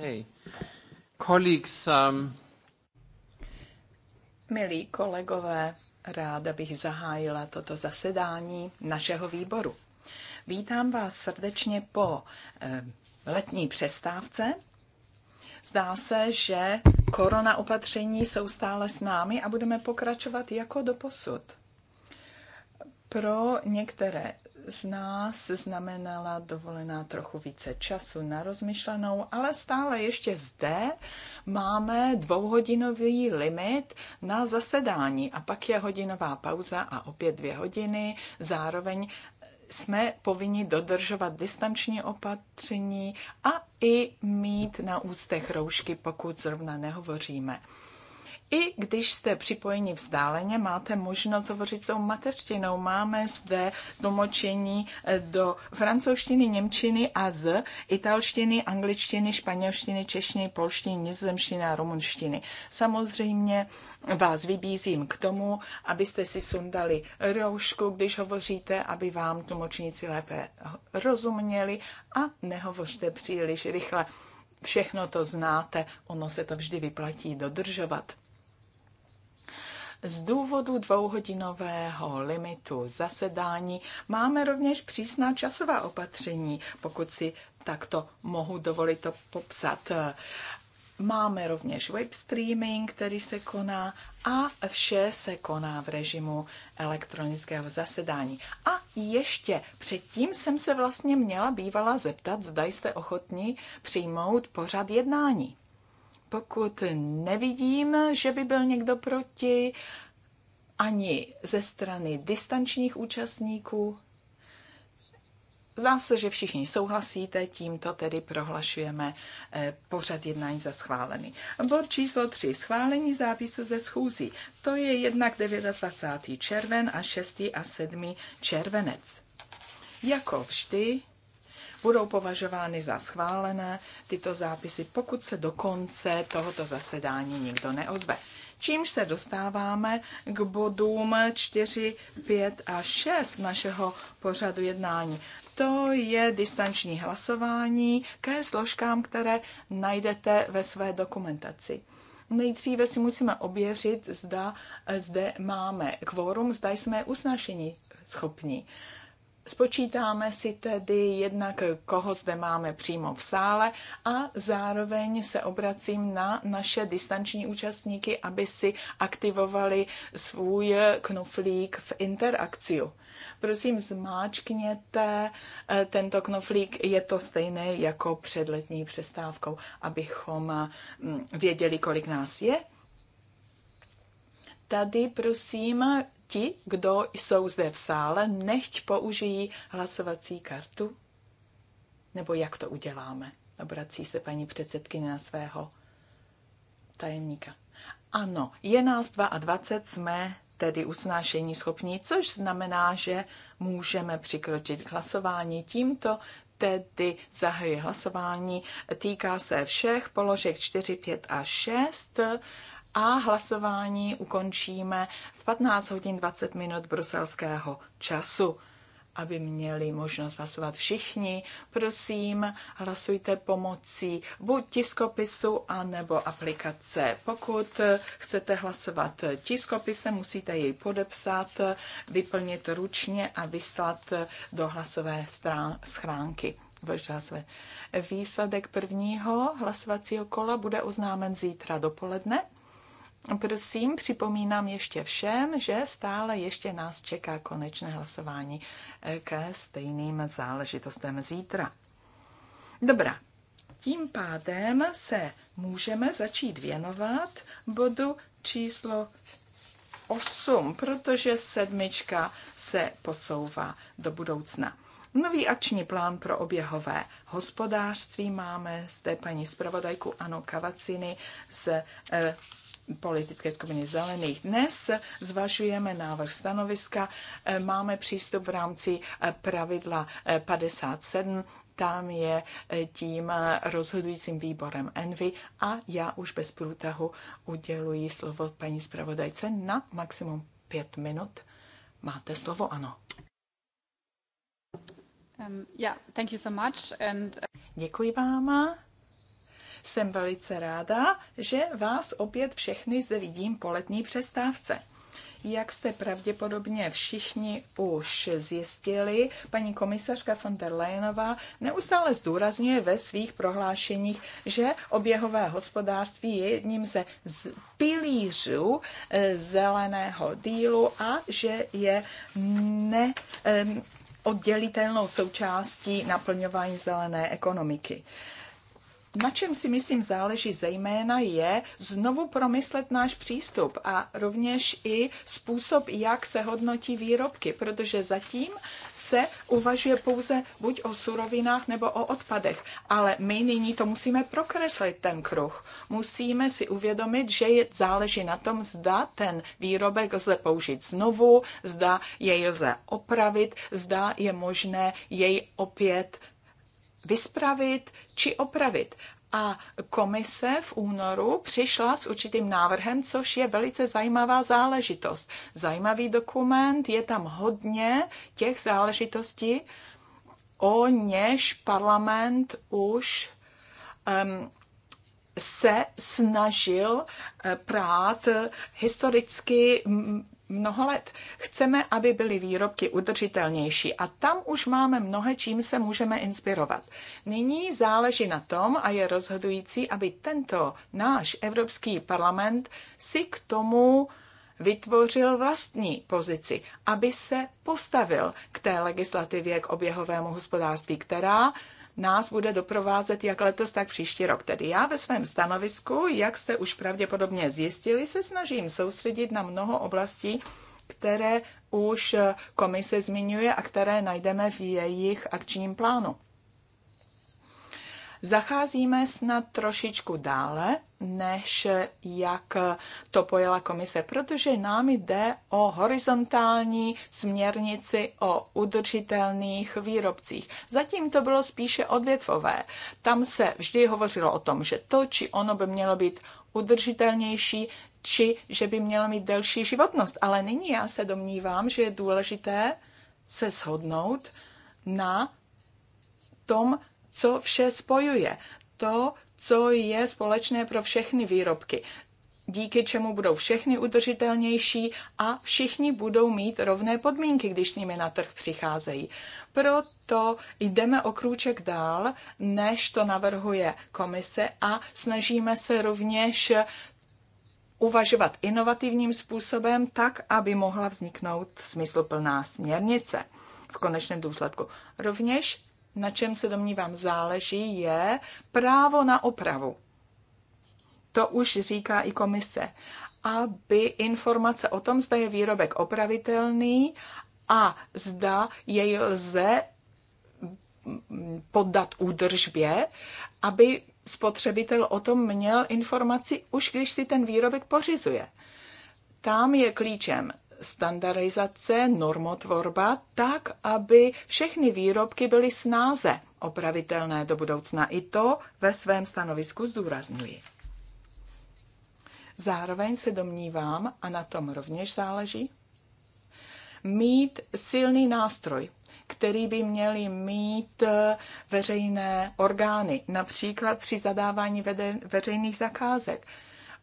Hey. Colleagues, um... Milí kolegové, ráda bych zahájila toto zasedání našeho výboru. Vítám vás srdečně po eh, letní přestávce. Zdá se, že korona opatření jsou stále s námi a budeme pokračovat jako doposud. Pro některé z nás znamenala dovolená trochu více času na rozmyšlenou, ale stále ještě zde máme dvouhodinový limit na zasedání a pak je hodinová pauza a opět dvě hodiny. Zároveň jsme povinni dodržovat distanční opatření a i mít na ústech roušky, pokud zrovna nehovoříme. I když jste připojeni vzdáleně, máte možnost hovořit svou mateřštinou. Máme zde tlumočení eh, do francouzštiny, němčiny a z italštiny, angličtiny, španělštiny, češtiny, polštiny, nizozemštiny a rumunštiny. Samozřejmě vás vybízím k tomu, abyste si sundali roušku, když hovoříte, aby vám tlumočníci lépe rozuměli a nehovořte příliš rychle. Všechno to znáte, ono se to vždy vyplatí dodržovat. Z důvodu dvouhodinového limitu zasedání máme rovněž přísná časová opatření, pokud si takto mohu dovolit to popsat. Máme rovněž web streaming, který se koná a vše se koná v režimu elektronického zasedání. A ještě předtím jsem se vlastně měla bývala zeptat, zda jste ochotní přijmout pořad jednání. Pokud nevidím, že by byl někdo proti, ani ze strany distančních účastníků, Zdá se, že všichni souhlasíte, tímto tedy prohlašujeme eh, pořad jednání za schválený. Bod číslo 3. Schválení zápisu ze schůzí. To je jednak 29. červen a 6. a 7. červenec. Jako vždy budou považovány za schválené tyto zápisy, pokud se do konce tohoto zasedání nikdo neozve. Čímž se dostáváme k bodům 4, 5 a 6 našeho pořadu jednání. To je distanční hlasování ke složkám, které najdete ve své dokumentaci. Nejdříve si musíme ověřit, zda zde máme kvorum, zda jsme usnášení schopní. Spočítáme si tedy jednak, koho zde máme přímo v sále a zároveň se obracím na naše distanční účastníky, aby si aktivovali svůj knoflík v interakci. Prosím, zmáčkněte eh, tento knoflík, je to stejné jako před letní přestávkou, abychom hm, věděli, kolik nás je. Tady prosím ti, kdo jsou zde v sále, nechť použijí hlasovací kartu? Nebo jak to uděláme? Obrací se paní předsedkyně na svého tajemníka. Ano, je nás 22, jsme tedy usnášení schopní, což znamená, že můžeme přikročit k hlasování. Tímto tedy zahajuje hlasování. Týká se všech položek 4, 5 a 6 a hlasování ukončíme v 15 hodin 20 minut bruselského času aby měli možnost hlasovat všichni. Prosím, hlasujte pomocí buď tiskopisu, anebo aplikace. Pokud chcete hlasovat tiskopisem, musíte jej podepsat, vyplnit ručně a vyslat do hlasové strán- schránky. Výsledek prvního hlasovacího kola bude oznámen zítra dopoledne. Prosím, připomínám ještě všem, že stále ještě nás čeká konečné hlasování eh, ke stejným záležitostem zítra. Dobrá, tím pádem se můžeme začít věnovat bodu číslo 8, protože sedmička se posouvá do budoucna. Nový akční plán pro oběhové hospodářství máme zde paní zpravodajku Ano Kavaciny z eh, politické skupiny zelených. Dnes zvažujeme návrh stanoviska, e, máme přístup v rámci e, pravidla 57 e, tam je tím rozhodujícím výborem Envy a já už bez průtahu uděluji slovo paní zpravodajce na maximum pět minut. Máte slovo, ano. Um, yeah, thank you so much and... Uh, Děkuji vám. Jsem velice ráda, že vás opět všechny zde vidím po letní přestávce. Jak jste pravděpodobně všichni už zjistili, paní komisařka von der Leyenová neustále zdůrazňuje ve svých prohlášeních, že oběhové hospodářství je jedním ze z pilířů eh, zeleného dílu a že je ne, eh, oddělitelnou součástí naplňování zelené ekonomiky na čem si myslím záleží zejména je znovu promyslet náš přístup a rovněž i způsob, jak se hodnotí výrobky, protože zatím se uvažuje pouze buď o surovinách nebo o odpadech, ale my nyní to musíme prokreslit ten kruh. Musíme si uvědomit, že je, záleží na tom, zda ten výrobek lze použít znovu, zda jej lze opravit, zda je možné jej opět vyspravit či opravit. A komise v únoru přišla s určitým návrhem, což je velice zajímavá záležitost. Zajímavý dokument, je tam hodně těch záležitostí, o něž parlament už um, se snažil eh, prát historicky mnoho let. Chceme, aby byly výrobky udržitelnější a tam už máme mnohé, čím se můžeme inspirovat. Nyní záleží na tom a je rozhodující, aby tento náš Evropský parlament si k tomu vytvořil vlastní pozici, aby se postavil k té legislativě, k oběhovému hospodářství, která nás bude doprovázet jak letos, tak příští rok. Tedy já ve svém stanovisku, jak jste už pravděpodobně zjistili, se snažím soustředit na mnoho oblastí, které už komise zmiňuje a které najdeme v jejich akčním plánu zacházíme snad trošičku dále, než jak to pojela komise, protože nám jde o horizontální směrnici o udržitelných výrobcích. Zatím to bylo spíše odvětvové. Tam se vždy hovořilo o tom, že to či ono by mělo být udržitelnější, či že by mělo mít delší životnost. Ale nyní já se domnívám, že je důležité se shodnout na tom, co vše spojuje, to, co je společné pro všechny výrobky, díky čemu budou všechny udržitelnější a všichni budou mít rovné podmínky, když s nimi na trh přicházejí. Proto jdeme o krůček dál, než to navrhuje komise a snažíme se rovněž uvažovat inovativním způsobem tak, aby mohla vzniknout smysluplná směrnice v konečném důsledku. Rovněž na čem se domnívám záleží, je právo na opravu. To už říká i komise. Aby informace o tom, zda je výrobek opravitelný a zda jej lze poddat údržbě, aby spotřebitel o tom měl informaci už když si ten výrobek pořizuje. Tam je klíčem standardizace, normotvorba, tak, aby všechny výrobky byly snáze opravitelné do budoucna. I to ve svém stanovisku zdůraznuji. Zároveň se domnívám, a na tom rovněž záleží, mít silný nástroj, který by měly mít eh, veřejné orgány, například při zadávání veřejných zakázek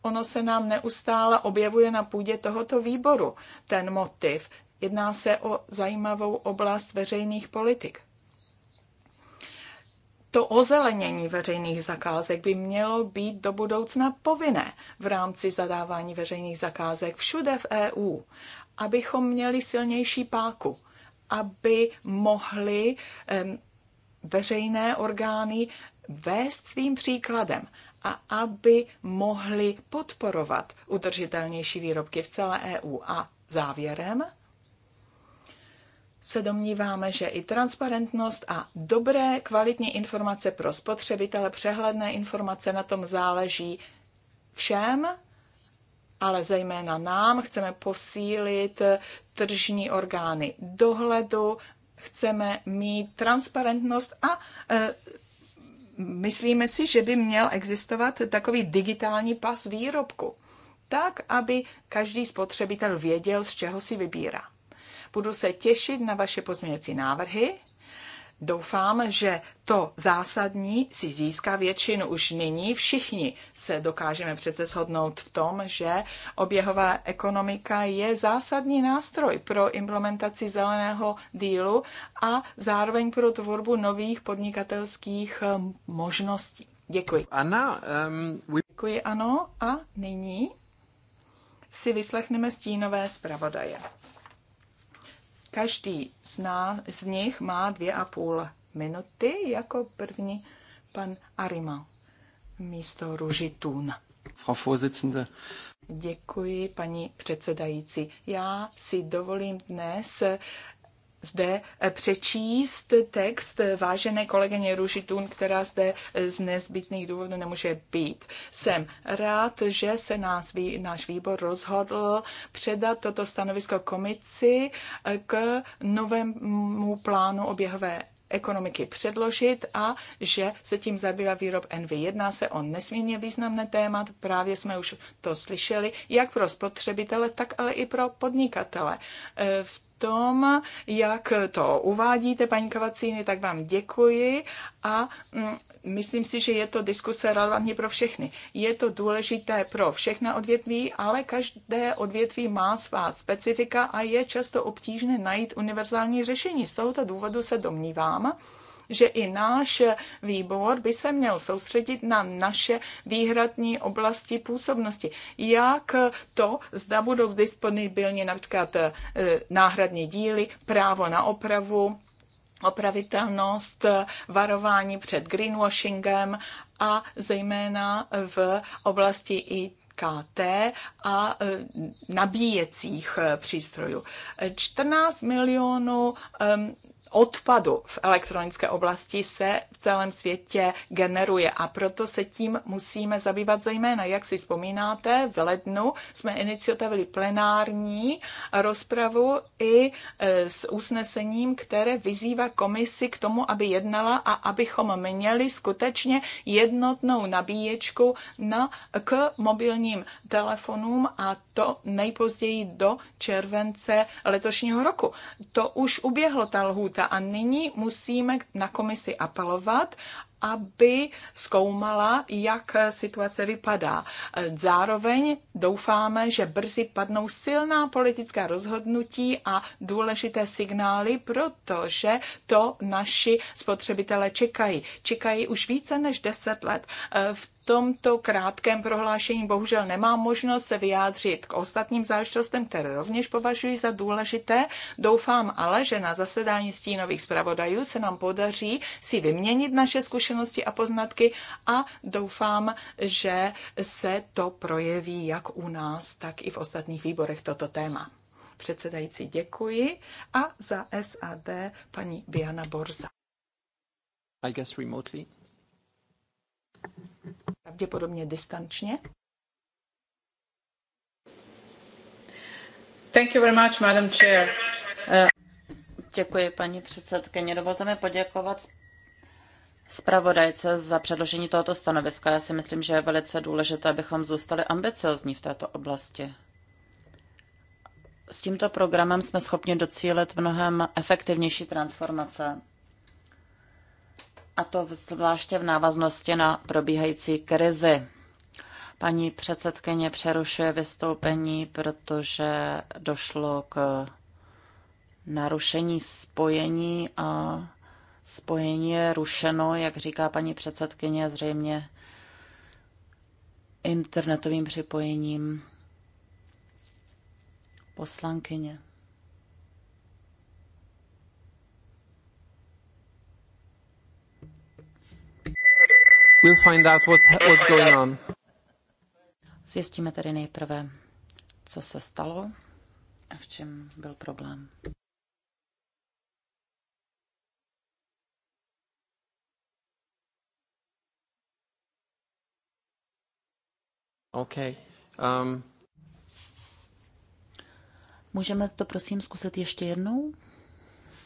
ono se nám neustále objevuje na půdě tohoto výboru ten motiv. Jedná se o zajímavou oblast veřejných politik. To ozelenění veřejných zakázek by mělo být do budoucna povinné v rámci zadávání veřejných zakázek všude v EU, abychom měli silnější páku, aby mohli veřejné orgány vést svým příkladem a aby mohli podporovat udržitelnější výrobky v celé EU. A závěrem se domníváme, že i transparentnost a dobré kvalitní informace pro spotřebitele, přehledné informace na tom záleží všem, ale zejména nám. Chceme posílit tržní orgány dohledu, chceme mít transparentnost a eh, myslíme si, že by měl existovat takový digitální pas výrobku, tak, aby každý spotřebitel věděl, z čeho si vybírá. Budu se těšit na vaše pozměňovací návrhy Doufám, že to zásadní si získá většinu už nyní. Všichni se dokážeme přece shodnout v tom, že oběhová ekonomika je zásadní nástroj pro implementaci zeleného dílu a zároveň pro tvorbu nových podnikatelských eh, možností. Děkuji. Anna, um, ehm, we... Děkuji, ano. A nyní si vyslechneme stínové zpravodaje. Každý z, nás, z nich má dvě a půl minuty. Jako první pan Arima místo Ružitún. Frau Vorsitzende. Děkuji, paní předsedající. Já si dovolím dnes zde eh, přečíst text vážené kolegyně Ružitun, která zde eh, z nezbytných důvodů nemůže být. Jsem rád, že se nás, náš výbor rozhodl předat toto stanovisko komici eh, k novému plánu oběhové ekonomiky předložit a že se tím zabývá výrob NV. Jedná se o nesmírně významné téma, právě jsme už to slyšeli, jak pro spotřebitele, tak ale i pro podnikatele. V tom, jak to uvádíte, paní Kavacíny, tak vám děkuji a mm, myslím si, že je to diskuse relevantní pro všechny. Je to důležité pro všechna odvětví, ale každé odvětví má svá specifika a je často obtížné najít univerzální řešení. Z tohoto důvodu se domnívám, že i náš výbor by se měl soustředit na naše výhradní oblasti působnosti. Jak to, zda budou disponibilně například eh, náhradní díly, právo na opravu, opravitelnost, varování před greenwashingem a zejména v oblasti i KT a eh, nabíjecích eh, přístrojů. 14 milionů ehm, odpadu v elektronické oblasti se v celém světě generuje a proto se tím musíme zabývat zejména. Jak si vzpomínáte, v lednu jsme iniciovali plenární rozpravu i e, s usnesením, které vyzývá komisi k tomu, aby jednala a abychom měli skutečně jednotnou nabíječku na, k mobilním telefonům a to nejpozději do července letošního roku. To už uběhlo ta lhůta a nyní musíme na komisi apelovat, aby zkoumala, jak situace vypadá. Zároveň doufáme, že brzy padnou silná politická rozhodnutí a důležité signály, protože to naši spotřebitelé čekají. Čekají už více než 10 let. Eh, v tomto krátkém prohlášení bohužel nemám možnost se vyjádřit k ostatním záležitostem, které rovněž považuji za důležité. Doufám ale, že na zasedání stínových zpravodajů se nám podaří si vyměnit naše zkušenosti a poznatky a doufám, že se to projeví jak u nás, tak i v ostatních výborech toto téma. Předsedající děkuji a za SAD paní Biana Borza. I guess remotely pravděpodobně distančně. Thank you very much, Madam Chair. Uh... Děkuji, paní předsedkyně. Dovolte mi poděkovat zpravodajce za předložení tohoto stanoviska. Já si myslím, že je velice důležité, abychom zůstali ambiciozní v této oblasti. S tímto programem jsme schopni docílit mnohem efektivnější transformace a to zvláště v návaznosti na probíhající krizi. Paní předsedkyně přerušuje vystoupení, protože došlo k narušení spojení a spojení je rušeno, jak říká paní předsedkyně, zřejmě internetovým připojením poslankyně. We'll find out what's, what's going on. Zjistíme tedy nejprve, co se stalo a v čem byl problém. Okay. Um... Můžeme to prosím zkusit ještě jednou?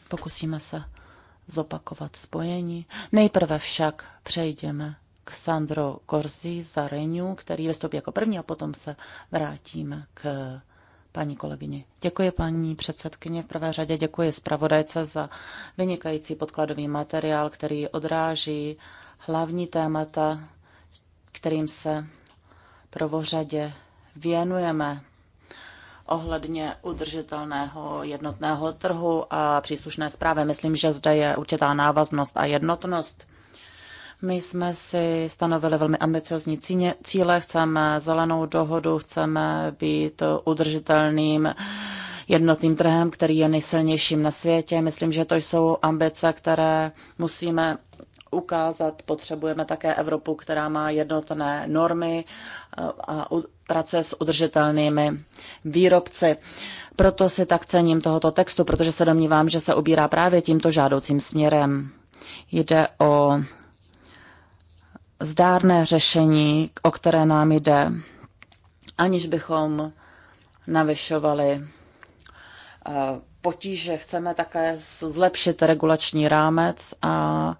Pokusíme se zopakovat spojení. Nejprve však přejdeme Sandro Gorzi za Reňu, který vystoupí jako první a potom se vrátíme k paní kolegyně. Děkuji paní předsedkyně. V prvé řadě děkuji zpravodajce za vynikající podkladový materiál, který odráží hlavní témata, kterým se prvořadě věnujeme ohledně udržitelného jednotného trhu a příslušné zprávy. Myslím, že zde je určitá návaznost a jednotnost my jsme si stanovili velmi ambiciozní cíle, chceme zelenou dohodu, chceme být udržitelným jednotným trhem, který je nejsilnějším na světě. Myslím, že to jsou ambice, které musíme ukázat. Potřebujeme také Evropu, která má jednotné normy eh, a pracuje s udržitelnými výrobci. Proto si tak cením tohoto textu, protože se domnívám, že se ubírá právě tímto žádoucím směrem. Jde o zdárné řešení, o které nám jde, aniž bychom navyšovali eh, potíže. Chceme také zlepšit regulační rámec a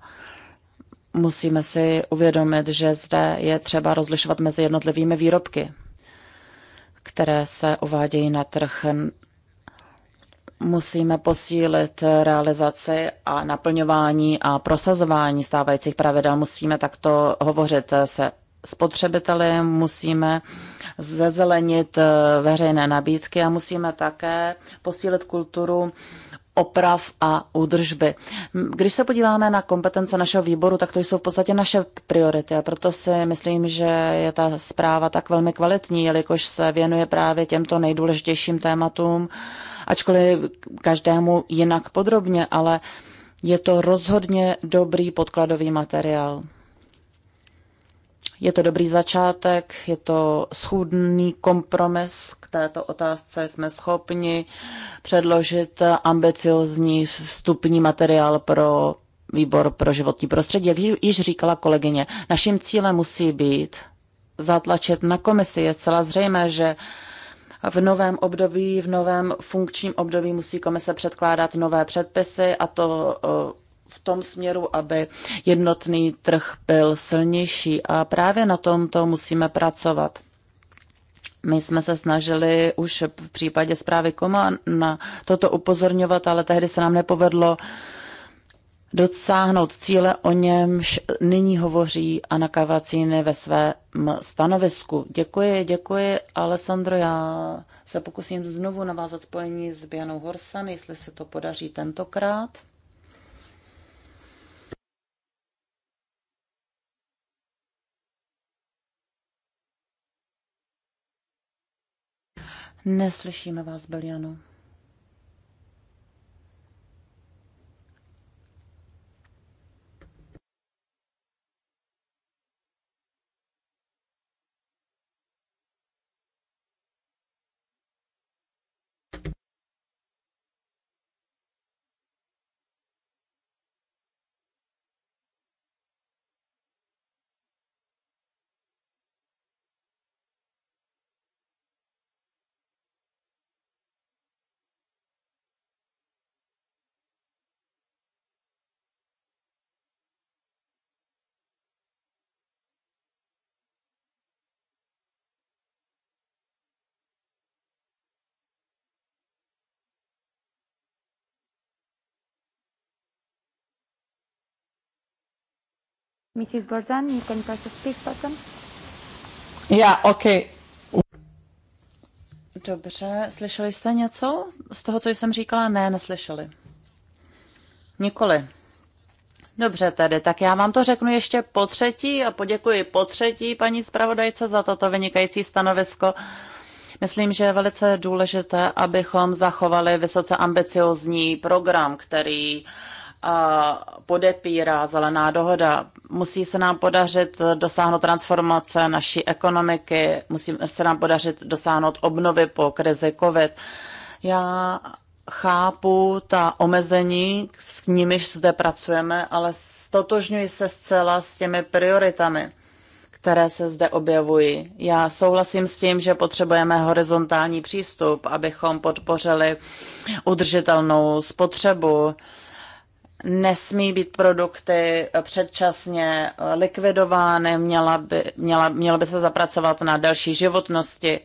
musíme si uvědomit, že zde je třeba rozlišovat mezi jednotlivými výrobky, které se uvádějí na trh musíme posílit realizaci a naplňování a prosazování stávajících pravidel. Musíme takto hovořit se spotřebiteli, musíme zezelenit veřejné nabídky a musíme také posílit kulturu oprav a údržby. Když se podíváme na kompetence našeho výboru, tak to jsou v podstatě naše priority a proto si myslím, že je ta zpráva tak velmi kvalitní, jelikož se věnuje právě těmto nejdůležitějším tématům, ačkoliv každému jinak podrobně, ale je to rozhodně dobrý podkladový materiál. Je to dobrý začátek, je to schůdný kompromis k této otázce. Jsme schopni předložit ambiciozní vstupní materiál pro výbor pro životní prostředí. Jak již říkala kolegyně, naším cílem musí být zatlačit na komisi. Je celá zřejmé, že v novém období, v novém funkčním období musí komise předkládat nové předpisy a to eh, v tom směru, aby jednotný trh byl silnější. A právě na tomto musíme pracovat. My jsme se snažili už v případě zprávy Koma na toto upozorňovat, ale tehdy se nám nepovedlo dosáhnout cíle, o němž nyní hovoří Anna Cavacini ve svém stanovisku. Děkuji, děkuji, Alessandro, já se pokusím znovu navázat spojení s Bianou Horsan, jestli se to podaří tentokrát. Neslyšíme vás, Beliano. Mrs. Borzan, you can press the speak button. Yeah, okay. Dobře, slyšeli jste něco z toho, co jsem říkala? Ne, neslyšeli. Nikoli. Dobře tedy, tak já vám to řeknu ještě po třetí a poděkuji po třetí paní zpravodajce za toto vynikající stanovisko. Myslím, že je velice důležité, abychom zachovali vysoce ambiciozní program, který uh, podepírá zelená dohoda. Musí se nám podařit dosáhnout transformace naší ekonomiky, musí se nám podařit dosáhnout obnovy po krizi COVID. Já chápu ta omezení, s nimiž zde pracujeme, ale stotožňuji se zcela s těmi prioritami které se zde objevují. Já souhlasím s tím, že potřebujeme horizontální přístup, abychom podpořili udržitelnou spotřebu, nesmí být produkty předčasně likvidovány, měla by, měla, mělo by se zapracovat na delší životnosti,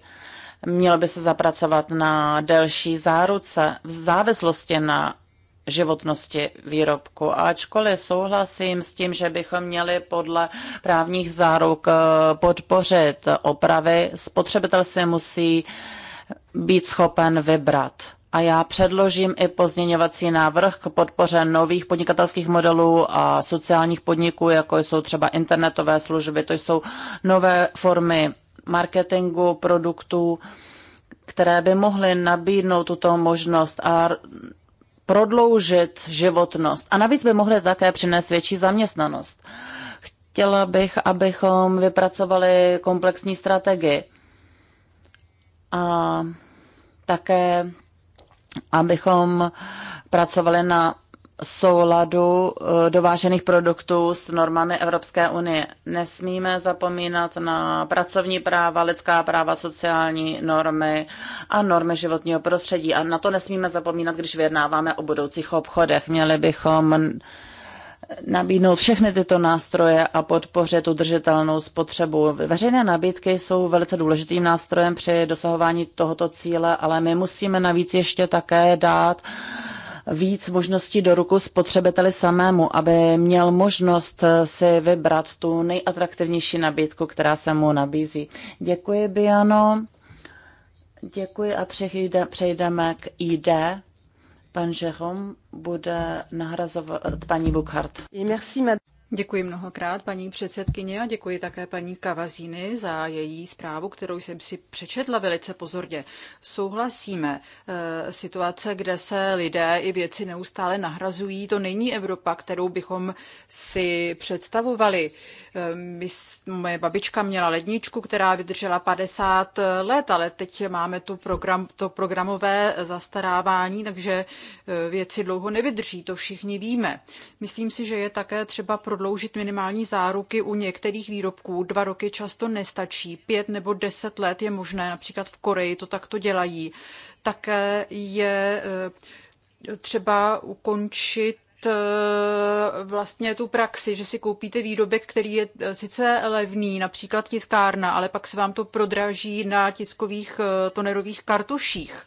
mělo by se zapracovat na delší záruce v závislosti na životnosti výrobku. Ačkoliv souhlasím s tím, že bychom měli podle právních záruk eh, podpořit opravy, spotřebitel si musí být schopen vybrat a já předložím i pozměňovací návrh k podpoře nových podnikatelských modelů a sociálních podniků, jako jsou třeba internetové služby. To jsou nové formy marketingu produktů, které by mohly nabídnout tuto možnost a prodloužit životnost. A navíc by mohly také přinést větší zaměstnanost. Chtěla bych, abychom vypracovali komplexní strategii. A také abychom pracovali na souladu eh, dovážených produktů s normami Evropské unie. Nesmíme zapomínat na pracovní práva, lidská práva, sociální normy a normy životního prostředí. A na to nesmíme zapomínat, když vyjednáváme o budoucích obchodech. Měli bychom nabídnout všechny tyto nástroje a podpořit udržitelnou spotřebu. Veřejné nabídky jsou velice důležitým nástrojem při dosahování tohoto cíle, ale my musíme navíc ještě také dát víc možností do ruku spotřebiteli samému, aby měl možnost si vybrat tu nejatraktivnější nabídku, která se mu nabízí. Děkuji, Biano. Děkuji a přejdeme k ID. Pan Jérôme bude nahrazovat paní Bukhart. Merci, Děkuji mnohokrát paní předsedkyně a děkuji také paní Kavazíny za její zprávu, kterou jsem si přečetla velice pozorně. Souhlasíme, eh, situace, kde se lidé i věci neustále nahrazují, to není Evropa, kterou bychom si představovali. Eh, my, moje babička měla ledničku, která vydržela 50 let, ale teď máme tu program, to programové zastarávání, takže eh, věci dlouho nevydrží, to všichni víme. Myslím si, že je také třeba prodloužit prodloužit minimální záruky u některých výrobků. Dva roky často nestačí, pět nebo deset let je možné, například v Koreji to takto dělají. Také je eh, třeba ukončit eh, vlastně tu praxi, že si koupíte výrobek, který je eh, sice levný, například tiskárna, ale pak se vám to prodraží na tiskových tonerových kartuších.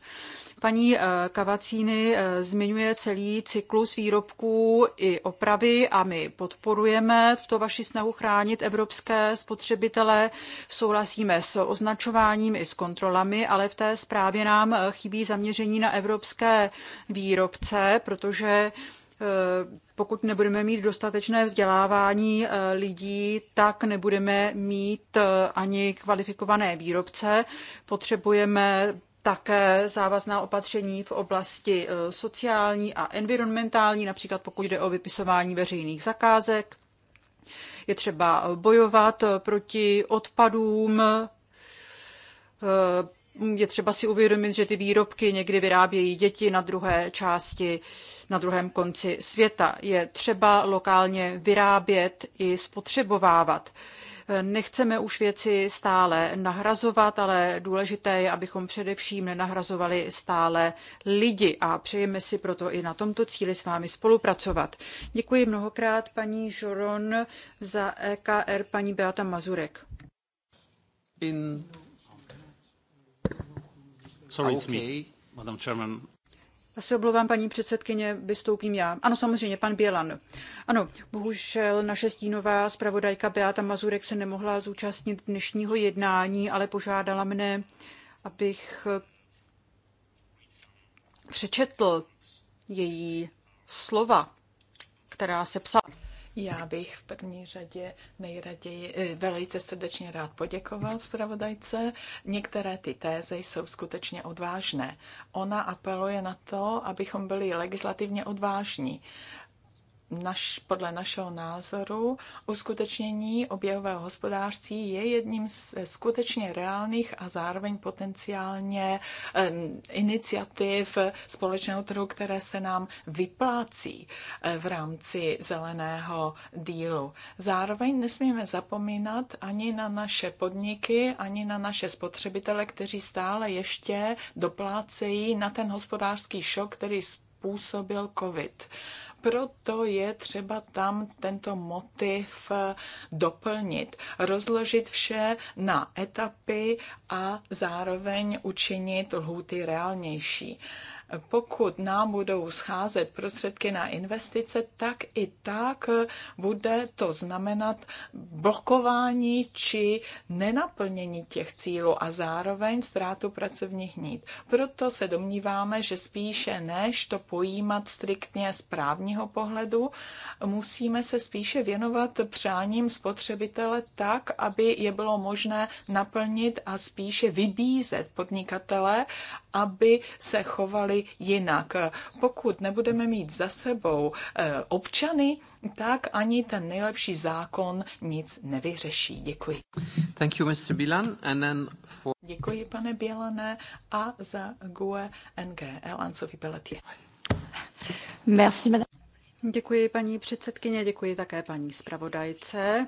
Paní eh, Kavacíny eh, zmiňuje celý cyklus výrobků i opravy a my podporujeme to vaši snahu chránit evropské spotřebitele. Souhlasíme s označováním i s kontrolami, ale v té zprávě nám eh, chybí zaměření na evropské výrobce, protože pokud nebudeme mít dostatečné vzdělávání lidí, tak nebudeme mít ani kvalifikované výrobce. Potřebujeme také závazná opatření v oblasti e, sociální a environmentální, například pokud jde o vypisování veřejných zakázek. Je třeba bojovat e, proti odpadům, e, je třeba si uvědomit, že ty výrobky někdy vyrábějí děti na druhé části, na druhém konci světa. Je třeba lokálně vyrábět i spotřebovávat. Nechceme už věci stále nahrazovat, ale důležité je, abychom především nenahrazovali stále lidi a přejeme si proto i na tomto cíli s vámi spolupracovat. Děkuji mnohokrát paní Žoron za EKR paní Beata Mazurek. In... Sorry, it's me, Madam Chairman. Já se oblouvám, paní předsedkyně, vystoupím já. Ano, samozřejmě, pan Bělan. Ano, bohužel naše stínová zpravodajka Beata Mazurek se nemohla zúčastnit dnešního jednání, ale požádala mne, abych eh, přečetl její slova, která se psala. Já bych v první řadě nejraději eh, velice srdečně rád poděkoval zpravodajce. Některé ty téze jsou skutečně odvážné. Ona apeluje na to, abychom byli legislativně odvážní naš, podle našeho názoru uskutečnění oběhového hospodářství je jedním z eh, skutečně reálných a zároveň potenciálně um, iniciativ společného trhu, které se nám vyplácí eh, v rámci zeleného dílu. Zároveň nesmíme zapomínat ani na naše podniky, ani na naše spotřebitele, kteří stále ještě doplácejí na ten hospodářský šok, který způsobil COVID. Proto je třeba tam tento motiv eh, doplnit, rozložit vše na etapy a zároveň učinit lhůty reálnější pokud nám budou scházet prostředky na investice, tak i tak bude to znamenat blokování či nenaplnění těch cílů a zároveň ztrátu pracovních nít. Proto se domníváme, že spíše než to pojímat striktně z právního pohledu, musíme se spíše věnovat přáním spotřebitele tak, aby je bylo možné naplnit a spíše vybízet podnikatele, aby se chovali udělali jinak. Pokud nebudeme mít za sebou eh, občany, tak ani ten nejlepší zákon nic nevyřeší. Děkuji. Thank you, Mr. Bilan. And then for... Děkuji, pane Bělané, a za GUE NGL Ansofi Pelletier. Merci, madame. Děkuji paní předsedkyně, děkuji také paní zpravodajce.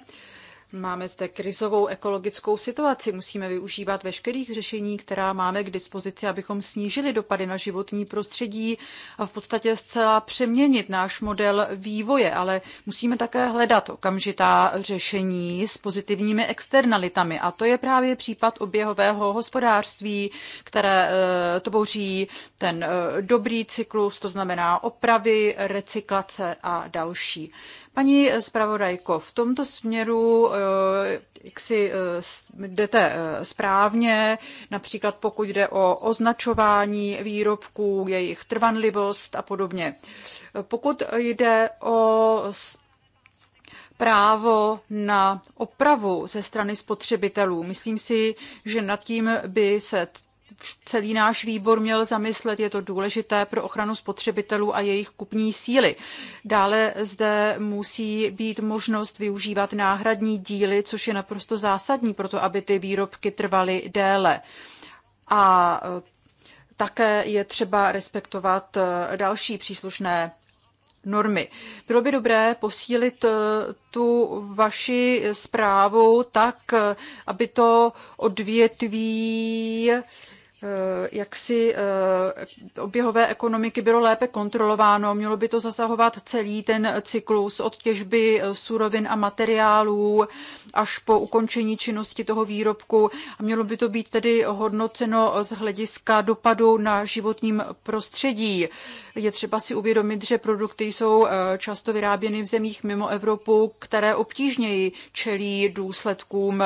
Máme zde krizovou ekologickou situaci. Musíme využívat veškerých řešení, která máme k dispozici, abychom snížili dopady na životní prostředí a v podstatě zcela přeměnit náš model vývoje, ale musíme také hledat okamžitá řešení s pozitivními externalitami. A to je právě případ oběhového hospodářství, které eh, tvoří ten eh, dobrý cyklus, to znamená opravy, recyklace a další. Paní zpravodajko, v tomto směru eh, jak si eh, jdete eh, správně, například pokud jde o označování výrobků, jejich trvanlivost a podobně. Pokud jde o právo na opravu ze strany spotřebitelů. Myslím si, že nad tím by se celý náš výbor měl zamyslet. Je to důležité pro ochranu spotřebitelů a jejich kupní síly. Dále zde musí být možnost využívat náhradní díly, což je naprosto zásadní pro to, aby ty výrobky trvaly déle. A e, také je třeba respektovat e, další příslušné normy. Bylo by dobré posílit e, tu vaši zprávu tak, aby to odvětví Eh, jak si eh, oběhové ekonomiky bylo lépe kontrolováno. Mělo by to zasahovat celý ten cyklus od těžby eh, surovin a materiálů až po ukončení činnosti toho výrobku. A mělo by to být tedy hodnoceno z hlediska dopadu na životním prostředí. Je třeba si uvědomit, že produkty jsou často vyráběny v zemích mimo Evropu, které obtížněji čelí důsledkům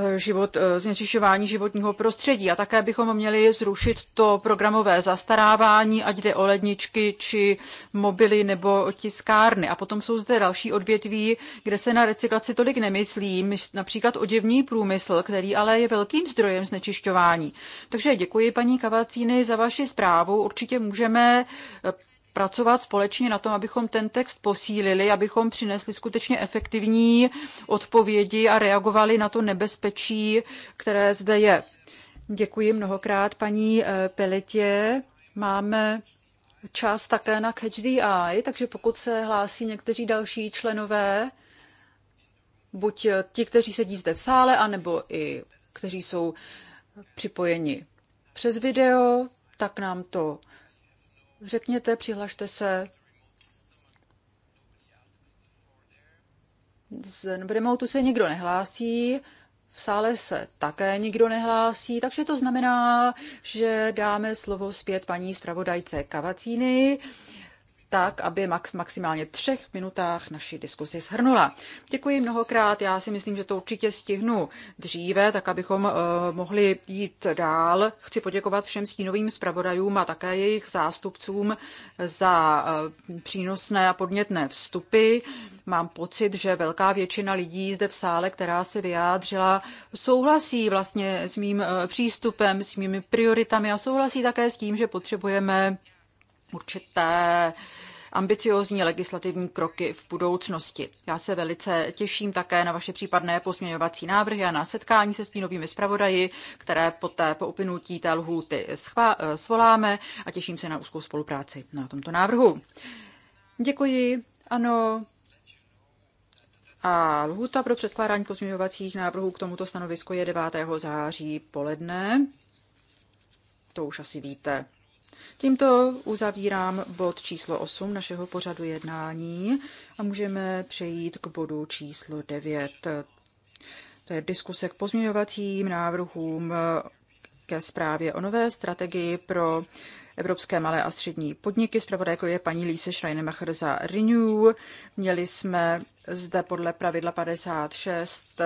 Eh, život, eh, znečišťování životního prostředí. A také bychom měli zrušit to programové zastarávání, ať jde o ledničky či mobily nebo tiskárny. A potom jsou zde další odvětví, kde se na recyklaci tolik nemyslí, například oděvní průmysl, který ale je velkým zdrojem znečišťování. Takže děkuji paní Kavacíny za vaši zprávu. Určitě můžeme eh, pracovat společně na tom, abychom ten text posílili, abychom přinesli skutečně efektivní odpovědi a reagovali na to nebezpečí, které zde je. Děkuji mnohokrát paní eh, Peletě. Máme čas také na Catch the Eye, takže pokud se hlásí někteří další členové, buď eh, ti, kteří sedí zde v sále, anebo i kteří jsou připojeni přes video, tak nám to řekněte, přihlašte se. Z remotu se nikdo nehlásí, v sále se také nikdo nehlásí, takže to znamená, že dáme slovo zpět paní zpravodajce Kavacíny tak, aby max, maximálně třech minutách naši diskusi shrnula. Děkuji mnohokrát, já si myslím, že to určitě stihnu dříve, tak abychom uh, mohli jít dál. Chci poděkovat všem stínovým zpravodajům a také jejich zástupcům za uh, přínosné a podnětné vstupy. Mám pocit, že velká většina lidí zde v sále, která se vyjádřila, souhlasí vlastně s mým uh, přístupem, s mými prioritami a souhlasí také s tím, že potřebujeme určité ambiciozní legislativní kroky v budoucnosti. Já se velice těším také na vaše případné pozměňovací návrhy a na setkání se novými zpravodaji, které poté po uplynutí té lhůty svoláme a těším se na úzkou spolupráci na tomto návrhu. Děkuji, ano. A lhůta pro předkládání pozměňovacích návrhů k tomuto stanovisku je 9. září poledne. To už asi víte. Tímto uzavírám bod číslo 8 našeho pořadu jednání a můžeme přejít k bodu číslo 9. To je diskuse k pozměňovacím návrhům ke zprávě o nové strategii pro evropské malé a střední podniky. Zpravodajkou je paní Líse Schreinemacher za Renew. Měli jsme zde podle pravidla 56 eh,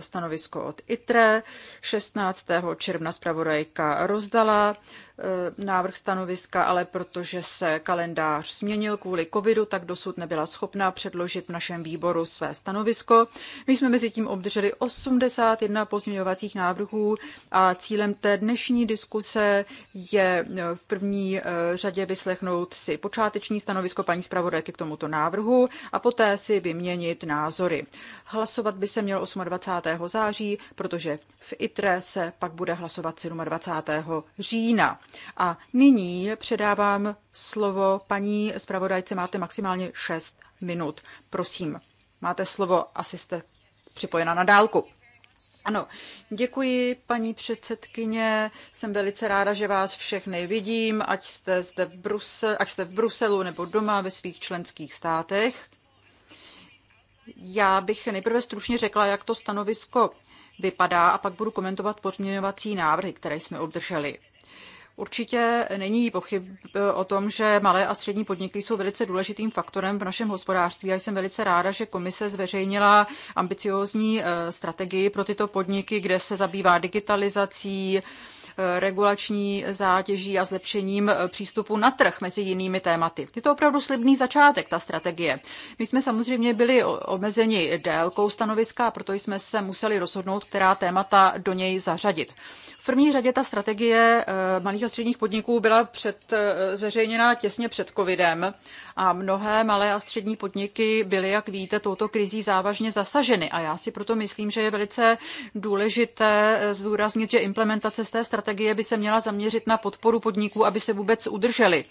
stanovisko od ITRE. 16. června zpravodajka rozdala eh, návrh stanoviska, ale protože se kalendář změnil kvůli covidu, tak dosud nebyla schopná předložit v našem výboru své stanovisko. My jsme mezi tím obdrželi 81 pozměňovacích návrhů a cílem té dnešní diskuse je eh, v první řadě vyslechnout si počáteční stanovisko paní zpravodajky k tomuto návrhu a poté si vyměnit měnit názory. Hlasovat by se měl 28. září, protože v ITRE se pak bude hlasovat 27. října. A nyní předávám slovo paní zpravodajce. Máte maximálně 6 minut. Prosím, máte slovo, asi jste připojena na dálku. Ano, děkuji paní předsedkyně. Jsem velice ráda, že vás všechny vidím, ať jste zde v, Brusel, ať jste v Bruselu nebo doma ve svých členských státech. Já bych nejprve stručně řekla, jak to stanovisko vypadá a pak budu komentovat pozměňovací návrhy, které jsme obdrželi. Určitě není pochyb eh, o tom, že malé a střední podniky jsou velice důležitým faktorem v našem hospodářství. Já jsem velice ráda, že komise zveřejnila ambiciózní eh, strategii pro tyto podniky, kde se zabývá digitalizací, regulační zátěží a zlepšením eh, přístupu na trh mezi jinými tématy. Je to opravdu slibný začátek, ta strategie. My jsme samozřejmě byli omezeni délkou stanoviska, proto jsme se museli rozhodnout, která témata do něj zařadit. V první řadě ta strategie eh, malých a středních podniků byla před, eh, zveřejněna těsně před covidem a mnohé malé a střední podniky byly, jak víte, touto krizí závažně zasaženy a já si proto myslím, že je velice důležité eh, zdůraznit, že implementace z té strategie by se měla zaměřit na podporu podniků, aby se vůbec udrželi,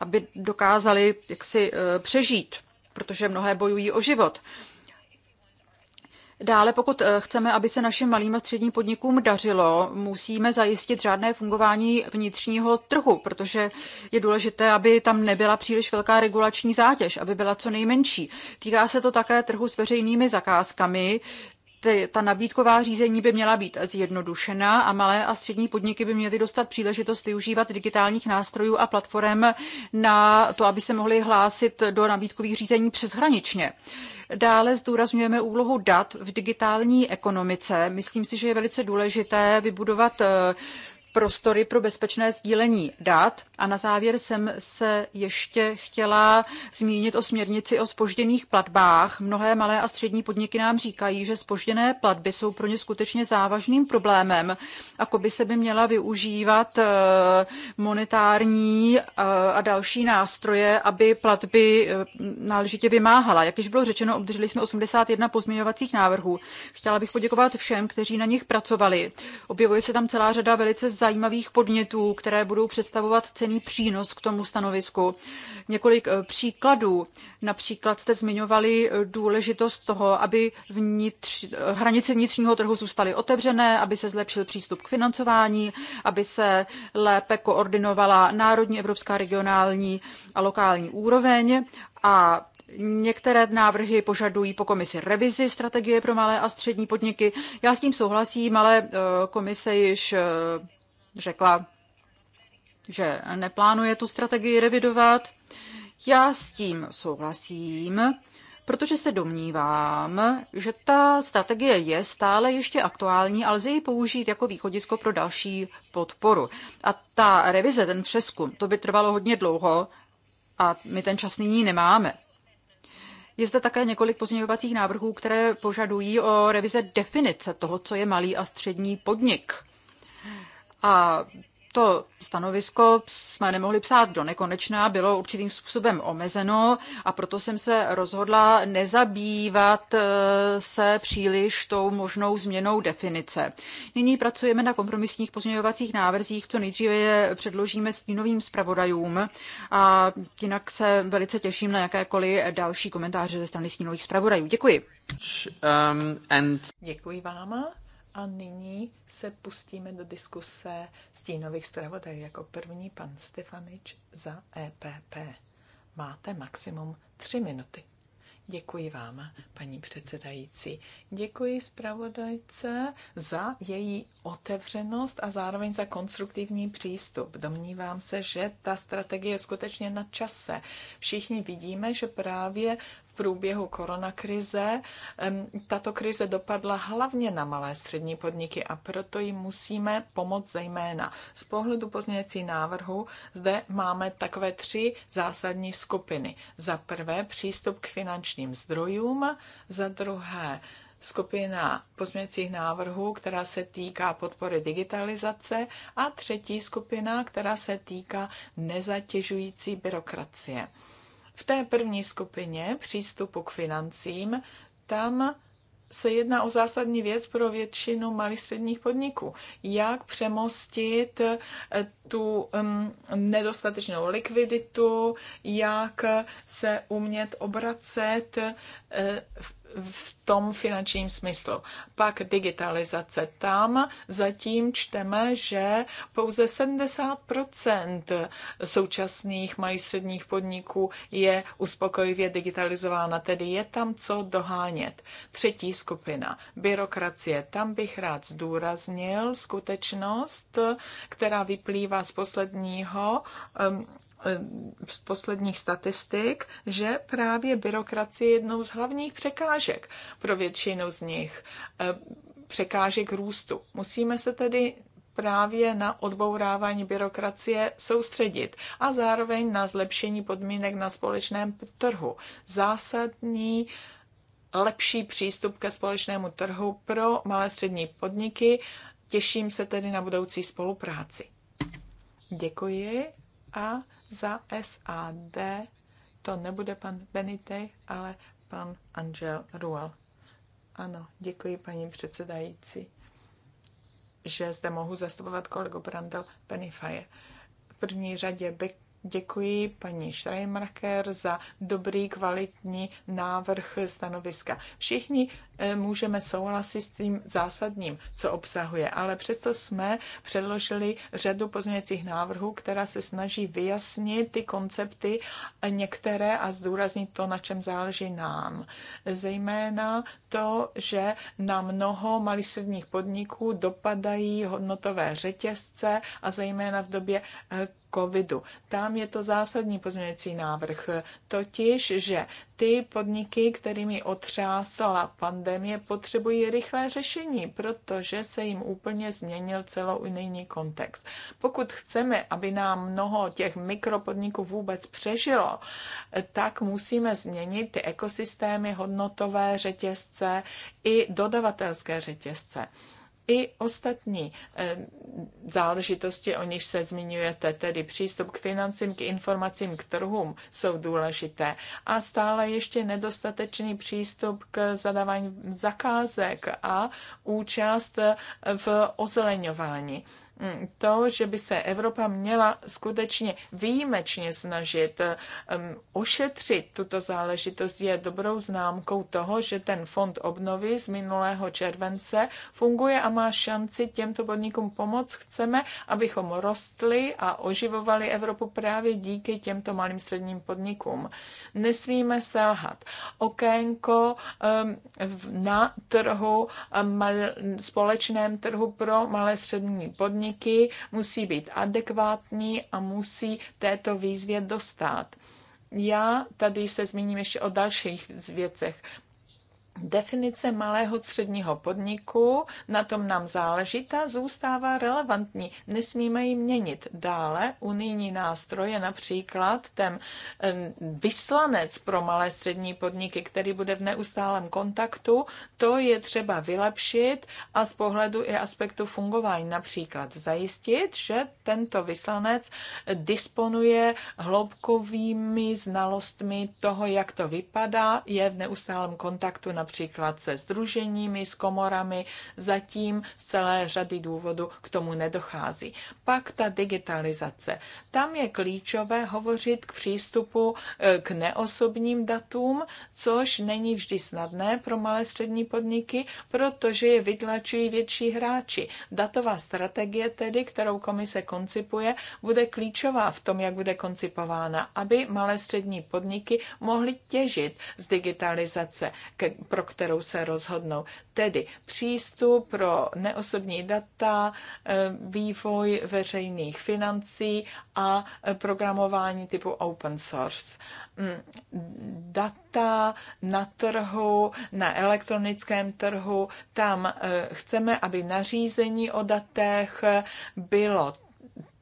aby dokázali jaksi přežít protože mnohé bojují o život. Dále, pokud eh, chceme, aby se našim malým a středním podnikům dařilo, musíme zajistit řádné fungování vnitřního trhu, protože je důležité, aby tam nebyla příliš velká regulační zátěž, aby byla co nejmenší. Týká se to také trhu s veřejnými zakázkami, ty, ta nabídková řízení by měla být zjednodušená a malé a střední podniky by měly dostat příležitost využívat digitálních nástrojů a platform na to, aby se mohly hlásit do nabídkových řízení přeshraničně. Dále zdůrazňujeme úlohu dat v digitální ekonomice. Myslím si, že je velice důležité vybudovat eh, prostory pro bezpečné sdílení dat. A na závěr jsem se ještě chtěla zmínit o směrnici o spožděných platbách. Mnohé malé a střední podniky nám říkají, že spožděné platby jsou pro ně skutečně závažným problémem a se by měla využívat eh, monetární eh, a další nástroje, aby platby eh, náležitě vymáhala. Jak již bylo řečeno, obdrželi jsme 81 pozměňovacích návrhů. Chtěla bych poděkovat všem, kteří na nich pracovali. Objevuje se tam celá řada velice zajímavých zajímavých podnětů, které budou představovat cený přínos k tomu stanovisku. Několik eh, příkladů. Například jste zmiňovali eh, důležitost toho, aby vnitř, eh, hranice vnitřního trhu zůstaly otevřené, aby se zlepšil přístup k financování, aby se lépe koordinovala národní, evropská, regionální a lokální úroveň a Některé návrhy požadují po komisi revizi strategie pro malé a střední podniky. Já s tím souhlasím, ale komise již řekla, že neplánuje tu strategii revidovat. Já s tím souhlasím, protože se domnívám, že ta strategie je stále ještě aktuální ale lze ji použít jako východisko pro další podporu. A ta revize, ten přeskum, to by trvalo hodně dlouho a my ten čas nyní nemáme. Je zde také několik pozměňovacích návrhů, které požadují o revize definice toho, co je malý a střední podnik – a to stanovisko jsme nemohli psát do nekonečna, bylo určitým způsobem omezeno a proto jsem se rozhodla nezabývat e, se příliš tou možnou změnou definice. Nyní pracujeme na kompromisních pozměňovacích návrzích, co nejdříve je předložíme stínovým zpravodajům a jinak se velice těším na jakékoliv další komentáře ze strany stínových zpravodajů. Děkuji. Um, Děkuji vám. A nyní se pustíme do diskuse stínových zpravodajů. Jako první pan Stefanič za EPP. Máte maximum tři minuty. Děkuji vám, paní předsedající. Děkuji zpravodajce za její otevřenost a zároveň za konstruktivní přístup. Domnívám se, že ta strategie je skutečně na čase. Všichni vidíme, že právě průběhu koronakrize. Tato krize dopadla hlavně na malé střední podniky a proto jim musíme pomoct zejména. Z pohledu pozměňovací návrhu zde máme takové tři zásadní skupiny. Za prvé přístup k finančním zdrojům, za druhé skupina pozměňovacích návrhů, která se týká podpory digitalizace a třetí skupina, která se týká nezatěžující byrokracie. V té první skupině přístupu k financím, tam se jedná o zásadní věc pro většinu malých středních podniků. Jak přemostit eh, tu um, nedostatečnou likviditu, jak se umět obracet uh, v v tom finančním smyslu. Pak digitalizace. Tam zatím čteme, že pouze 70% současných malých středních podniků je uspokojivě digitalizována, tedy je tam co dohánět. Třetí skupina, byrokracie. Tam bych rád zdůraznil skutečnost, která vyplývá z posledního Eh, z posledních statistik, že právě byrokracie je jednou z hlavních překážek pro většinu z nich, eh, překážek růstu. Musíme se tedy právě na odbourávání byrokracie soustředit a zároveň na zlepšení podmínek na společném trhu. Zásadní lepší přístup ke společnému trhu pro malé střední podniky. Těším se tedy na budoucí spolupráci. Děkuji a za SAD to nebude pan Benitej, ale pan Angel Rual. Ano, děkuji paní předsedající, že zde mohu zastupovat kolegu Brandel Benifaje. V první řadě bych Děkuji paní Schreimarker za dobrý, kvalitní návrh stanoviska. Všichni E, můžeme souhlasit s tím zásadním, co obsahuje, ale přesto jsme předložili řadu pozměňovacích návrhů, která se snaží vyjasnit ty koncepty e, některé a zdůraznit to, na čem záleží nám. Zejména to, že na mnoho malých středních podniků dopadají hodnotové řetězce a zejména v době e, covidu. Tam je to zásadní pozměňovací návrh, totiž, že ty podniky, kterými otřásala pandemie, potřebují rychlé řešení, protože se jim úplně změnil celounijní kontext. Pokud chceme, aby nám mnoho těch mikropodniků vůbec přežilo, tak musíme změnit ty ekosystémy, hodnotové řetězce i dodavatelské řetězce i ostatní eh, záležitosti, o nich se zmiňujete, tedy přístup k financím, k informacím, k trhům, jsou důležité. A stále ještě nedostatečný přístup k zadávání zakázek a účast v ozeleňování. Mm, to, že by se Evropa měla skutečně výjimečně snažit um, ošetřit tuto záležitost, je dobrou známkou toho, že ten fond obnovy z minulého července funguje a má šanci těmto podnikům pomoct. Chceme, abychom rostli a oživovali Evropu právě díky těmto malým středním podnikům. Nesmíme selhat. Okénko um, na trhu, um, mal, společném trhu pro malé střední podniky podniky musí být adekvátní a musí této výzvě dostat. Já tady se zmíním ještě o dalších věcech. Definice malého středního podniku, na tom nám záleží, ta zůstává relevantní. Nesmíme ji měnit. Dále unijní nástroje, například ten vyslanec pro malé střední podniky, který bude v neustálém kontaktu, to je třeba vylepšit a z pohledu i aspektu fungování například zajistit, že tento vyslanec disponuje hloubkovými znalostmi toho, jak to vypadá, je v neustálém kontaktu například například se združeními, s komorami, zatím z celé řady důvodů k tomu nedochází. Pak ta digitalizace. Tam je klíčové hovořit k přístupu e, k neosobním datům, což není vždy snadné pro malé střední podniky, protože je vytlačují větší hráči. Datová strategie tedy, kterou komise koncipuje, bude klíčová v tom, jak bude koncipována, aby malé střední podniky mohly těžit z digitalizace pro kterou se rozhodnou. Tedy přístup pro neosobní data, e, vývoj veřejných financí a e, programování typu open source. Mm, data na trhu, na elektronickém trhu, tam e, chceme, aby nařízení o datech bylo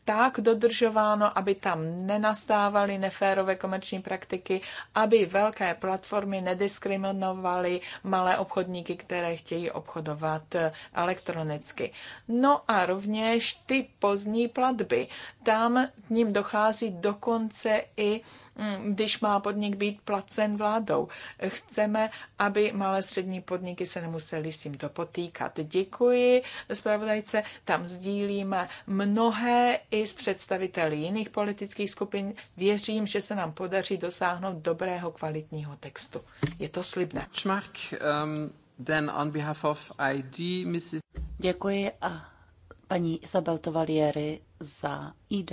tak dodržováno, aby tam nenastávaly neférové komerční praktiky, aby velké platformy nediskriminovaly malé obchodníky, které chtějí obchodovat eh, elektronicky. No a rovněž ty pozdní platby. Tam k ním dochází dokonce i Mm, když má podnik být placen vládou. Chceme, aby malé střední podniky se nemuseli s tímto potýkat. Děkuji zpravodajce, tam sdílíme mnohé i s představiteli jiných politických skupin. Věřím, že se nám podaří dosáhnout dobrého kvalitního textu. Je to slibné. Schmark, um, then on behalf of ID, Mrs. Děkuji a paní Isabel Tovalieri za ID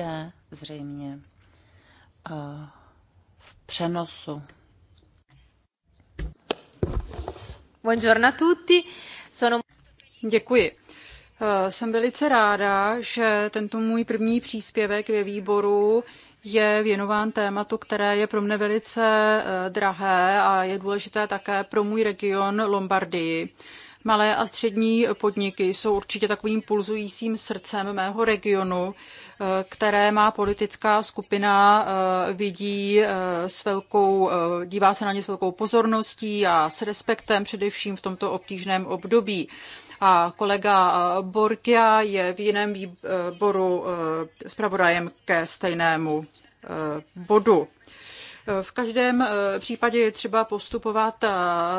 zřejmě. Uh, přenosu. Buongiorno a tutti. Sono... Děkuji. Eh, jsem velice ráda, že tento můj první příspěvek ve výboru je věnován tématu, které je pro mne velice eh, drahé a je důležité také pro můj region Lombardii. Malé a střední podniky jsou určitě takovým pulzujícím srdcem mého regionu, eh, které má politická skupina eh, vidí eh, s velkou, dívá se na ně s velkou pozorností a s respektem především v tomto obtížném období a kolega Borgia je v jiném výboru zpravodajem ke stejnému bodu. V každém eh, případě je třeba postupovat eh,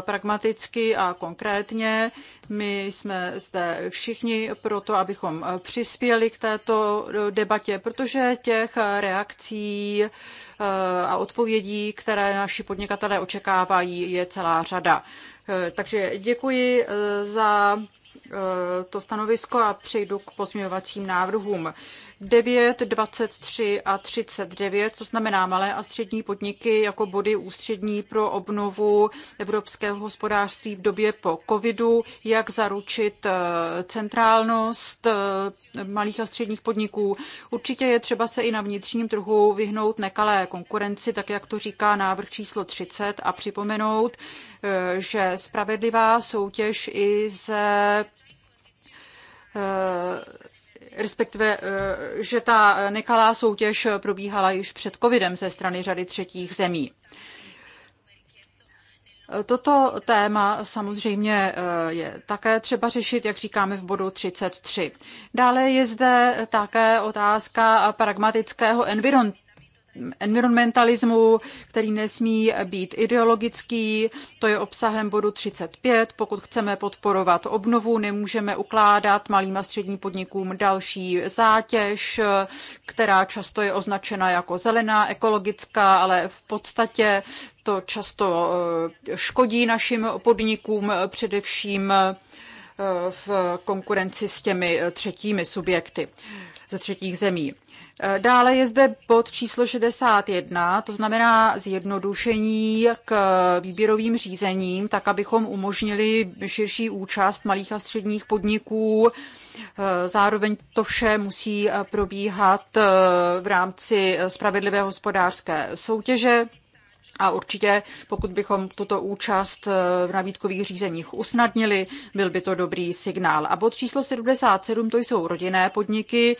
pragmaticky a konkrétně. My jsme zde všichni proto, abychom eh, přispěli k této debatě, protože těch reakcí a odpovědí, které naši podnikatelé očekávají, je celá řada. Takže děkuji za to stanovisko a přejdu k pozměňovacím návrhům. 9, 23 a 39, to znamená malé a střední podniky jako body ústřední pro obnovu evropského hospodářství v době po covidu, jak zaručit eh, centrálnost eh, malých a středních podniků. Určitě je třeba se i na vnitřním trhu vyhnout nekalé konkurenci, tak jak to říká návrh číslo 30 a připomenout, eh, že spravedlivá soutěž i ze respektive, eh, že ta nekalá soutěž probíhala již před covidem ze strany řady třetích zemí. Toto téma samozřejmě eh, je také třeba řešit, jak říkáme v bodu 33. Dále je zde také otázka pragmatického environmentu environmentalismu, který nesmí být ideologický. To je obsahem bodu 35. Pokud chceme podporovat obnovu, nemůžeme ukládat malým a středním podnikům další zátěž, která často je označena jako zelená, ekologická, ale v podstatě to často eh, škodí našim podnikům, především eh, v konkurenci s těmi eh, třetími subjekty ze třetích zemí. Dále je zde bod číslo 61, to znamená zjednodušení k výběrovým řízením, tak abychom umožnili širší účast malých a středních podniků. Eh, zároveň to vše musí eh, probíhat eh, v rámci spravedlivé hospodářské soutěže. A určitě, pokud bychom tuto účast v nabídkových řízeních usnadnili, byl by to dobrý signál. A bod číslo 77, to jsou rodinné podniky.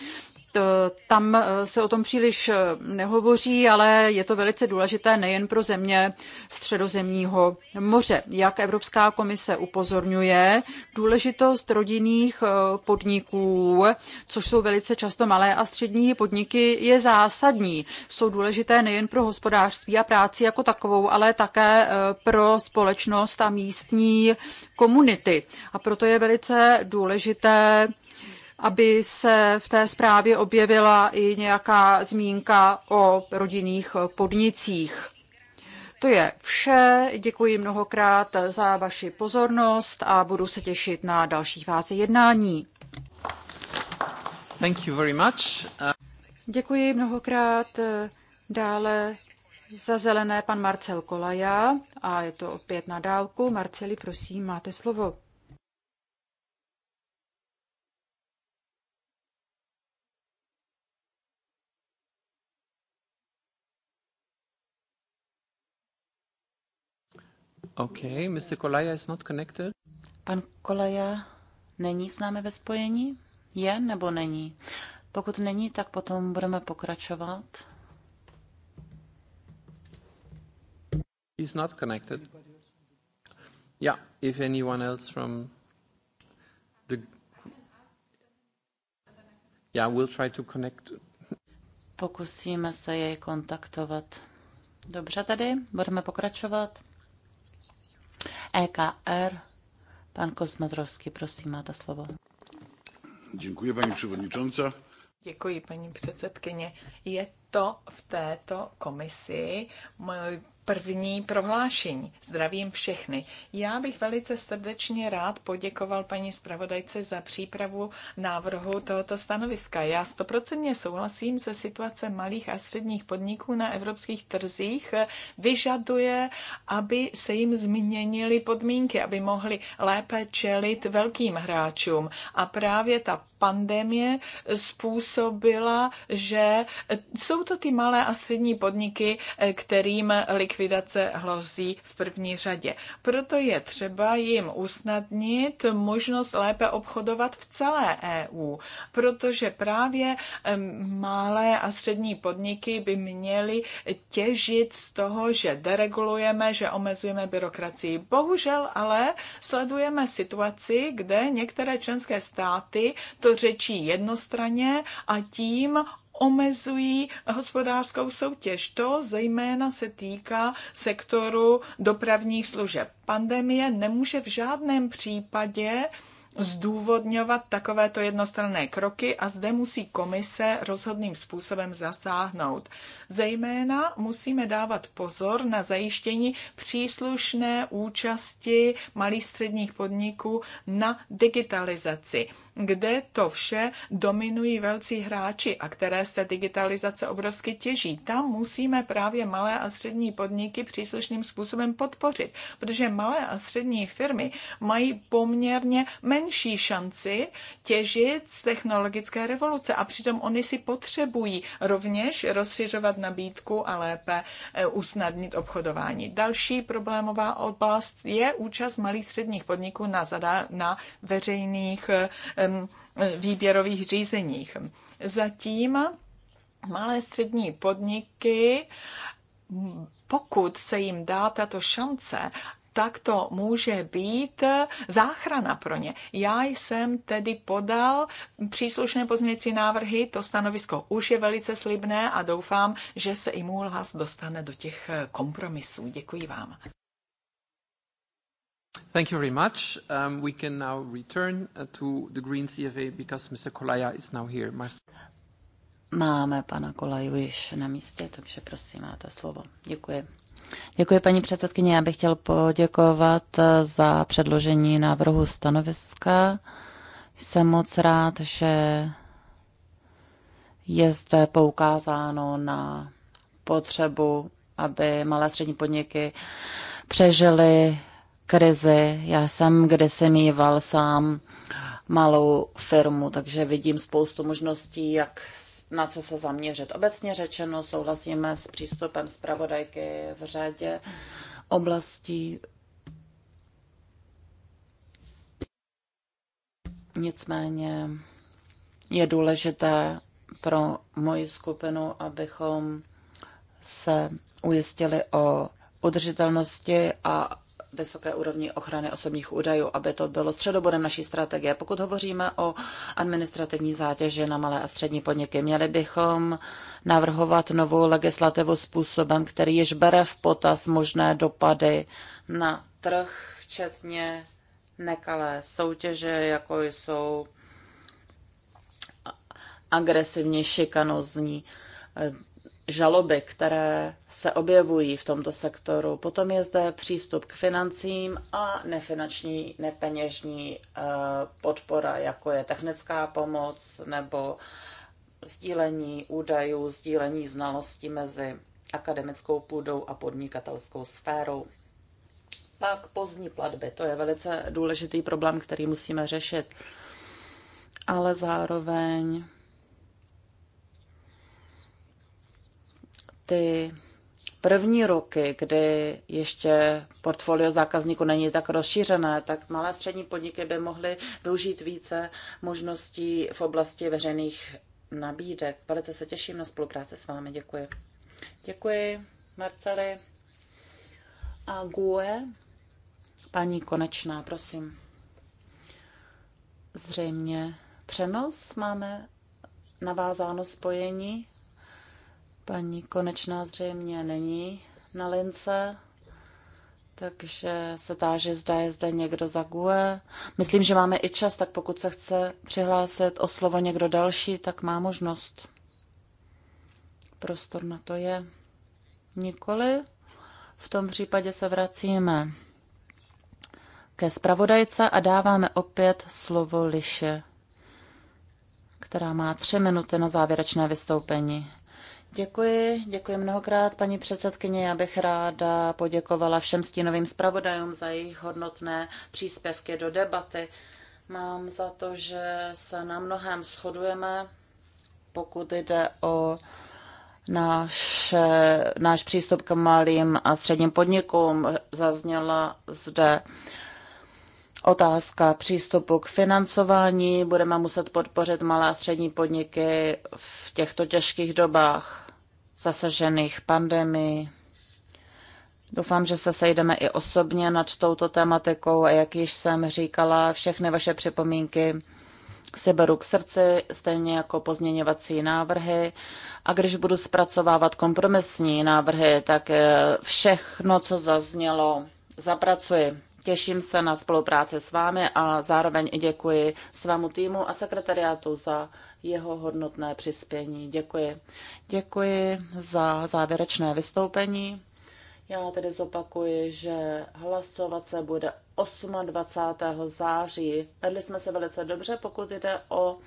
Eh, tam eh, se o tom příliš eh, nehovoří, ale je to velice důležité nejen pro země středozemního moře. Jak Evropská komise upozorňuje, důležitost rodinných podniků, což jsou velice často malé a střední podniky, je zásadní. Jsou důležité nejen pro hospodářství a práci jako takovou, ale také pro společnost a místní komunity. A proto je velice důležité, aby se v té zprávě objevila i nějaká zmínka o rodinných podnicích. To je vše. Děkuji mnohokrát za vaši pozornost a budu se těšit na další fázi jednání. Thank you very much. Děkuji mnohokrát. Dále za zelené pan Marcel Kolaja a je to opět na dálku. Marceli, prosím, máte slovo. Okay, Mr. Kolaja is not connected. Pan Kolaja není s námi ve spojení? Je nebo není? Pokud není, tak potom budeme pokračovat. He's not connected. Yeah, if anyone else from the... Yeah, we'll try to connect. Pokusíme se jej kontaktovat. Dobře tady, budeme pokračovat. EKR. Pan Kosmazrovský, prosím, máte slovo. Děkuji, paní předsedající. Děkuji, paní předsedkyně. Je to v této komisi můj první prohlášení. Zdravím všechny. Já bych velice srdečně rád poděkoval paní zpravodajce za přípravu návrhu tohoto stanoviska. Já stoprocentně souhlasím se situace malých a středních podniků na evropských trzích. Vyžaduje, aby se jim změnily podmínky, aby mohli lépe čelit velkým hráčům. A právě ta pandemie způsobila, že jsou to ty malé a střední podniky, eh, kterým likvidace hrozí v první řadě. Proto je třeba jim usnadnit možnost lépe obchodovat v celé EU, protože právě malé a střední podniky by měly těžit z toho, že deregulujeme, že omezujeme byrokracii. Bohužel ale sledujeme situaci, kde některé členské státy to řečí jednostraně a tím omezují hospodářskou soutěž. To zejména se týká sektoru dopravních služeb. Pandemie nemůže v žádném případě uh, zdůvodňovat takovéto jednostranné kroky a zde musí komise rozhodným způsobem zasáhnout. Zejména musíme dávat pozor na zajištění příslušné účasti malých středních podniků na digitalizaci, kde to vše dominují velcí hráči a které z té digitalizace obrovsky těží. Tam musíme právě malé a střední podniky příslušným způsobem podpořit, protože malé a střední firmy mají poměrně menší menší šanci těžit z technologické revoluce. A přitom oni si potřebují rovněž rozšiřovat nabídku a lépe e, usnadnit obchodování. Další problémová oblast je účast malých středních podniků na, zada na veřejných um, výběrových řízeních. Zatím malé střední podniky pokud se jim dá tato šance tak to může být záchrana pro ně. Já jsem tedy podal příslušné pozměnící návrhy, to stanovisko už je velice slibné a doufám, že se i můj hlas dostane do těch kompromisů. Děkuji vám. Thank you very much. Um, we can now return uh, to the Green CFA because Mr. Kolaja is now here. Mar Máme pana Kolaju již na místě, takže prosím, máte slovo. Děkuji. Děkuji, paní předsedkyně. Já bych chtěl poděkovat eh, za předložení návrhu stanoviska. Jsem moc rád, že je zde poukázáno na potřebu, aby malé a střední podniky přežily krizi. Já jsem kdysi mýval sám malou firmu, takže vidím spoustu možností, jak na co se zaměřit. Obecně řečeno souhlasíme s přístupem zpravodajky v řadě oblastí. Nicméně je důležité pro moji skupinu, abychom se ujistili o udržitelnosti a vysoké úrovni ochrany osobních údajů, aby to bylo středobodem naší strategie. Pokud hovoříme o administrativní zátěži na malé a střední podniky, měli bychom navrhovat novou legislativu způsobem, který již bere v potaz možné dopady na trh, včetně nekalé soutěže, jako jsou agresivně šikanozní eh, žaloby, které se objevují v tomto sektoru. Potom je zde přístup k financím a nefinanční, nepeněžní eh, podpora, jako je technická pomoc nebo sdílení údajů, sdílení znalostí mezi akademickou půdou a podnikatelskou sférou. Pak pozdní platby, to je velice důležitý problém, který musíme řešit, ale zároveň ty první roky, kdy ještě portfolio zákazníků není tak rozšířené, tak malé střední podniky by mohly využít více možností v oblasti veřejných nabídek. Velice se těším na spolupráci s vámi. Děkuji. Děkuji, Marceli. A Gue, paní Konečná, prosím. Zřejmě přenos máme navázáno spojení. Paní Konečná zřejmě není na lince, takže se táže, zda je zde někdo za GUE. Myslím, že máme i čas, tak pokud se chce přihlásit o slovo někdo další, tak má možnost. Prostor na to je. Nikoli. V tom případě se vracíme ke zpravodajce a dáváme opět slovo Liše, která má tři minuty na závěrečné vystoupení. Děkuji, děkuji mnohokrát, paní předsedkyně. Já bych ráda poděkovala všem stínovým zpravodajům za jejich hodnotné příspěvky do debaty. Mám za to, že se na mnohem shodujeme, pokud jde o náš, náš přístup k malým a středním podnikům. Zazněla zde uh, Otázka přístupu k financování. Budeme muset podpořit malé a střední podniky v těchto těžkých dobách zasažených pandemii. Doufám, že se sejdeme i osobně nad touto tematikou a jak již jsem říkala, všechny vaše připomínky si beru k srdci, stejně jako pozměňovací návrhy. A když budu zpracovávat kompromisní návrhy, tak eh, všechno, co zaznělo, zapracuji. Těším se na spolupráci s vámi a zároveň i děkuji svému týmu a sekretariátu za jeho hodnotné přispění. Děkuji. Děkuji za závěrečné vystoupení. Já tedy zopakuji, že hlasovat se bude 28. září. Vedli jsme se velice dobře, pokud jde o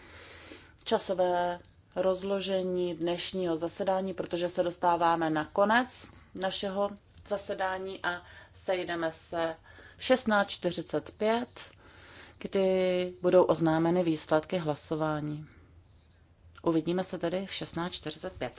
časové rozložení dnešního zasedání, protože se dostáváme na konec našeho zasedání a sejdeme se v 16.45, kdy budou oznámeny výsledky hlasování. Uvidíme se tedy v 16.45.